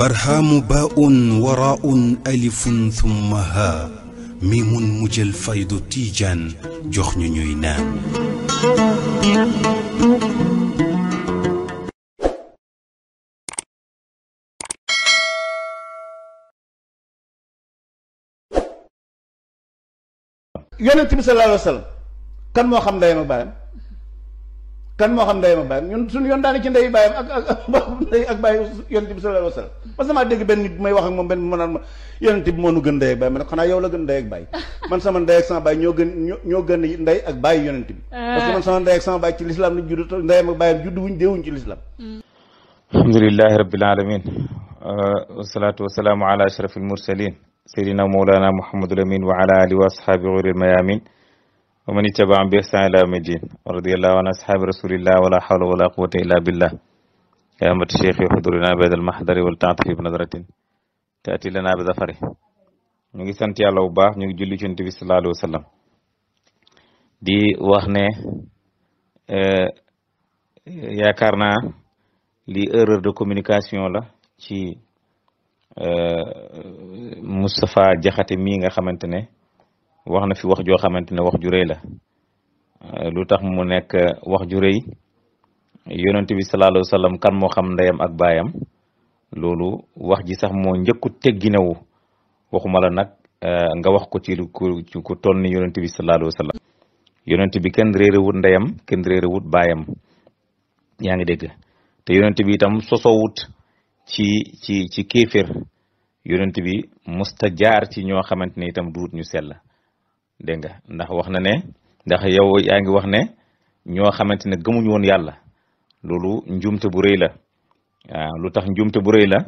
برهام باء وراء ألف ثم ها ميم مجل فيض تيجان jox ñu ñuy naan yonent bi sallallahu alayhi wa sallam kan moo xam ndeyam ak baayam kan moo xam ndeyam ak bàyyam ñun suñu yoon daane ci ndey bàyyam ak ak ndey ak bàyyi yonent bi sallallahu alayhi wasallam parce que maa dégg benn ma yonent bi moo nu gën ndey ak bàyyi ma ne xanaa yow la gën ndey ak bàyyi man sama ndey a sama bàyyi ñoo gën ñoo gën ndey ak bàyyi yonent bi ah. parce que man sama ndey ak sama bàyyi ci lislaam lañ judd ndeyam ak bàyyam judd wuñ deewuñ ci lislaam mm. alhamdulilahi rabbil alamin uh, wasalaatu wasalaamu ala ashrafil mursalin sayyidina mawlana muhammadul amin wa ala alihi wa ashabi ghayril ومن يتبع بإحسان إلى يوم الدين رضي الله عن أصحاب رسول الله ولا حول ولا قوة إلا بالله يا أمت الشيخ في حضورنا بهذا المحضر والتعاطف بنظرة تأتي لنا بظفره نجي سنتي الله وباه نجي جلي جنتي صلى الله عليه وسلم دي وحنا اه يا كارنا لي ايرور دو كومونيكاسيون لا تي اه مصطفى جخاتي ميغا خامتني waxna fi wax jo xamantene wax ju reey la eh, lutax mu nek wax ju reey yonent bi sallallahu alaihi wasallam kan mo xam ndeyam ak bayam lolu wax ji sax moo njëkku tegginewu waxuma la nak eh, nga wax ko ci ku ku ni bi sallallahu alaihi wasallam sallam bi kenn ndeyam kenn réerewut baayam yaa ngi deg te yonent bi soso wut ci ci ci kefer yonent bi mustajar ci ño xamantene duut ñu sel dégg nga ndax wax na ne ndax yow yaa ngi wax ne ñoo xamante ne gëmuñu woon yàlla loolu njuumte bu rëy la lu tax njuumte bu rëy la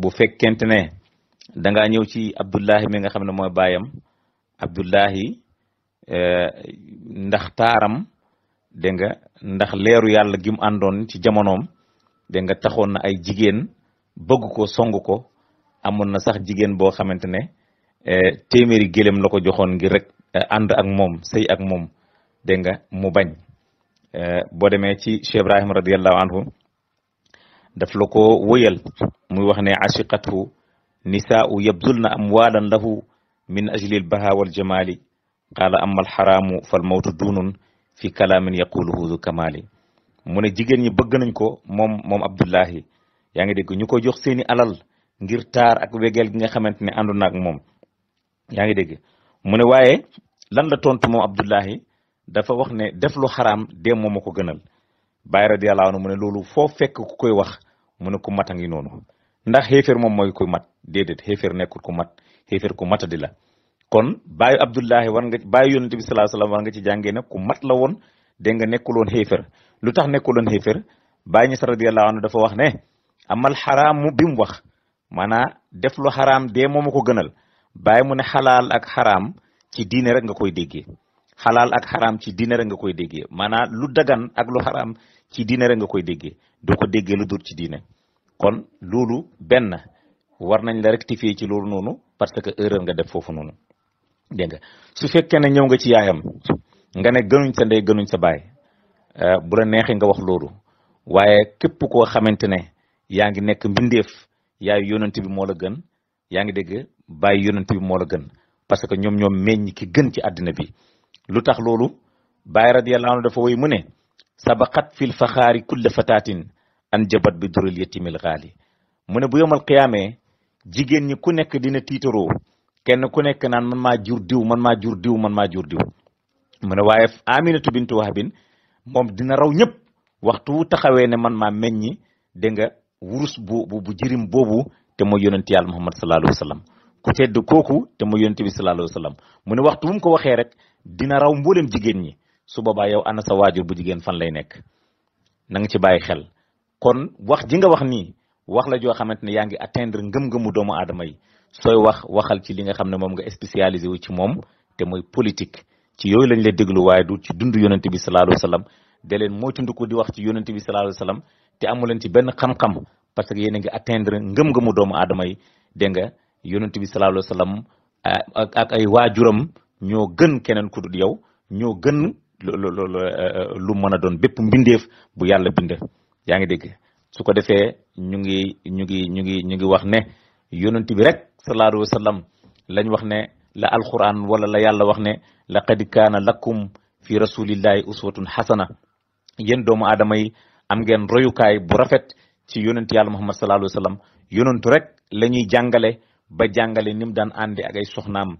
bu fekkente ne da ñëw ci Abdullahi mi nga xam ne mooy baayam Abdullahi eh, ndax taaram dégg nga ndax leeru yàlla gi mu àndoon ci jamonoom dégg nga taxoon na ay jigéen bëgg ko song ko amoon na sax jigéen boo xamante ne. Eh, téeméeri gëléem la ko joxoon ngir rek eh, ànd ak moom sëy ak moom dégg nga mu bañ eh, boo demee ci Cheikh Ibrahim radiallahu anhu daf la ko wëyal muy wax ne ashiqathu nisaau yabzulna amwalan lahu min ajlil baha wal jamali qaala ama alxaraamu fal mawtu dunun fi kalaamin yaquluhu du kamali mu ne jigéen ñi bëgg nañ ko moom moom Abdullahi yaa ngi dégg ñu ko jox seeni alal ngir taar ak wegeel gi nga xamante ne àndu na ak moom yaa ngi dégg mu ne waaye lan la tontu moom Abdullahi dafa wax ne def lu xaraam dee moom a ko gënal bàyyi radiyallahu anhu mu ne loolu foo fekk ku koy wax mu ne ku mat a ngi noonu ndax xéeféer moom mooy ku mat déedéet xéeféer nekkul ku mat xéeféer ku matadi la kon bàyyi Abdullahi war nga bàyyi yonente bi salaa salaam nga ci jàngee nag ku mat la woon dégg nga nekkuloon xéeféer lu tax nekkuloon xéeféer bàyyi ñes radiyallahu anhu dafa wax ne amal xaraam mu mu wax maanaa def lu xaraam dee moom a ko gënal bàyyi mu ne xalaal ak xaraam ci diine rek nga koy déggee xalaal ak xaraam ci diine rek nga koy déggee maanaam lu dagan ak lu xaraam ci diine rek nga koy déggee doo ko déggee lu dur ci diine kon loolu benn war nañ la rectifier ci loolu noonu parce que erreur nga def foofu noonu dégg nga su fekkee ne ñëw nga ci yaayam nga ne gënuñ sa ndey gënuñ sa baay euh, bu la neexee nga wax loolu waaye képp koo xamante ne yaa ngi nekk mbindeef yaayu yonent bi moo la gën yaa ngi dégg bàyyi yonent bi moo la gën parce que ñoom ñoom meññ ki gën ci àddina bi lu tax loolu bàyyi radiyallahu anhu dafa woy mu ne sabaqat fil faxaari dafa taatin an jabat bi duril yetimil xaali mu ne bu yomal qiyaamee jigéen ñi ku nekk dina tiitaroo kenn ku nekk naan man maa jur diw man maa jur diw man maa jur diw mu ne waaye Aminatu bintu Wahbin moom dina raw ñëpp waxtu wu taxawee ne man maa meññi dégg nga wurus bu bu jirim boobu te mooy yonent yàlla Muhammad sallallahu alayhi wa sallam ku tedd kooku te mu yonent bi sallallahu alayhi wa mu ne waxtu mu ko waxee rek dina raw mboolem jigéen ñi su boobaa yow ana sa waajur bu jigéen fan lay nekk na nga ci bàyyi xel kon wax ji nga wax ni wax la joo xamante ne yaa ngi atteindre ngëm-ngëmu doomu aadama yi sooy wax waxal ci li nga xam ne moom nga spécialisé wu ci moom te mooy politique ci yooyu lañ lay déglu waaye du ci dund yonent bi sallallahu alayhi wa sallam de leen moytandiku di wax ci yonent bi sallallahu alayhi wa sallam te amu leen ci benn xam-xam que yéen a ngi atteindre ngëm-ngëmu doomu aadama yi dégg nga yonent bi sallallahu alayhi ak ay waajuram ñoo gën keneen ku dul yow ñoo gën lu eh, mën a doon bépp mbindeef bu yàlla bind yaa ngi dégg su ko defee ñu ngi ñu ngi ñu ngi ñu ngi wax ne yonent bi rek sallallahu alayhi wa sallam lañ wax ne la alquran wala la yàlla wax ne laqad kaana lakum fi rasulillahi uswatun hasana yéen doomu aadama yi am ngeen royukaay bu rafet ci yonent yàlla muhammad sallallahu alayhi wa sallam yonentu rek la ñuy ba jàngale ni mu daan àndi ak ay soxnaam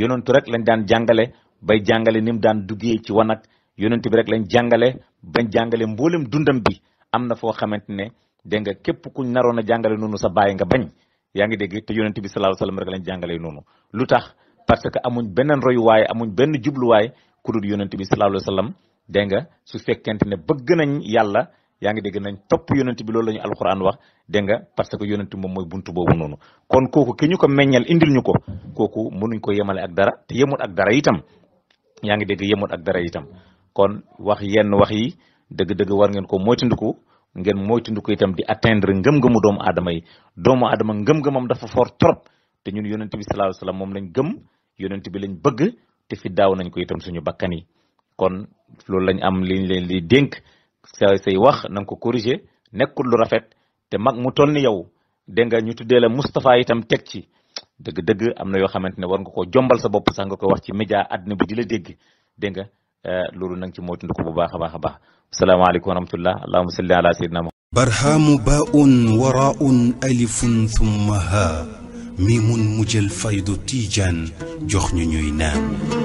yonentu rek lañ daan jàngale bay jàngale ni mu daan duggee ci wanag yonentu bi rek lañ jàngale bañ jàngale mboolem dundam bi am na foo xamante ne dégg nga képp ku naroon a jàngale noonu sa bàyyi nga bañ yaa ngi dégg te yonent bi sallallahu alayhi wasallam rek lañ jàngalee noonu lu tax parce que amuñ beneen royuwaay amuñ benn jubluwaay ku dul yonent bi sallallahu alayhi wasallam dégg nga su fekkente ne bëgg nañ yàlla Yang ngi nañ top yonent bi lolou lañu alcorane wax de nga parce que yonent mom moy buntu bobu nonu kon koku ki ko meññal indil ñuko koku mënuñ ko yemale ak dara te yemul ak dara itam yemul ak dara itam kon wax yenn wax yi dëgg-dëgg war ngeen ko moytandiku ngeen moytandiku itam di atteindre ngëm-ngëmu doomu aadama yi doomu aadama ngëm-ngëmam dafa for trop te ñun yonent bi alayhi wasallam mom lañ gëm yonent bi lañ bëgg te fi daaw nañ ko itam suñu bakkani kon lolou lañ am liñ leen li denk sa say wax na ko corriger nekkul lu rafet te mag mu tol ni yow dégg nga ñu tuddee la Moustapha itam teg ci dëgg-dëgg am na yoo xamante ne war nga ko jombal sa bopp sax nga ko wax ci média àddina bi di la dégg dégg nga eh, loolu nang ci moytandiku bu baax a baax a baax salaamaaleykum wa rahmatullah allahumma salli ala sayyidina barhamu baun waraun alifun thumma ha mimun mujël faydu tijan jox ñu ñuy naan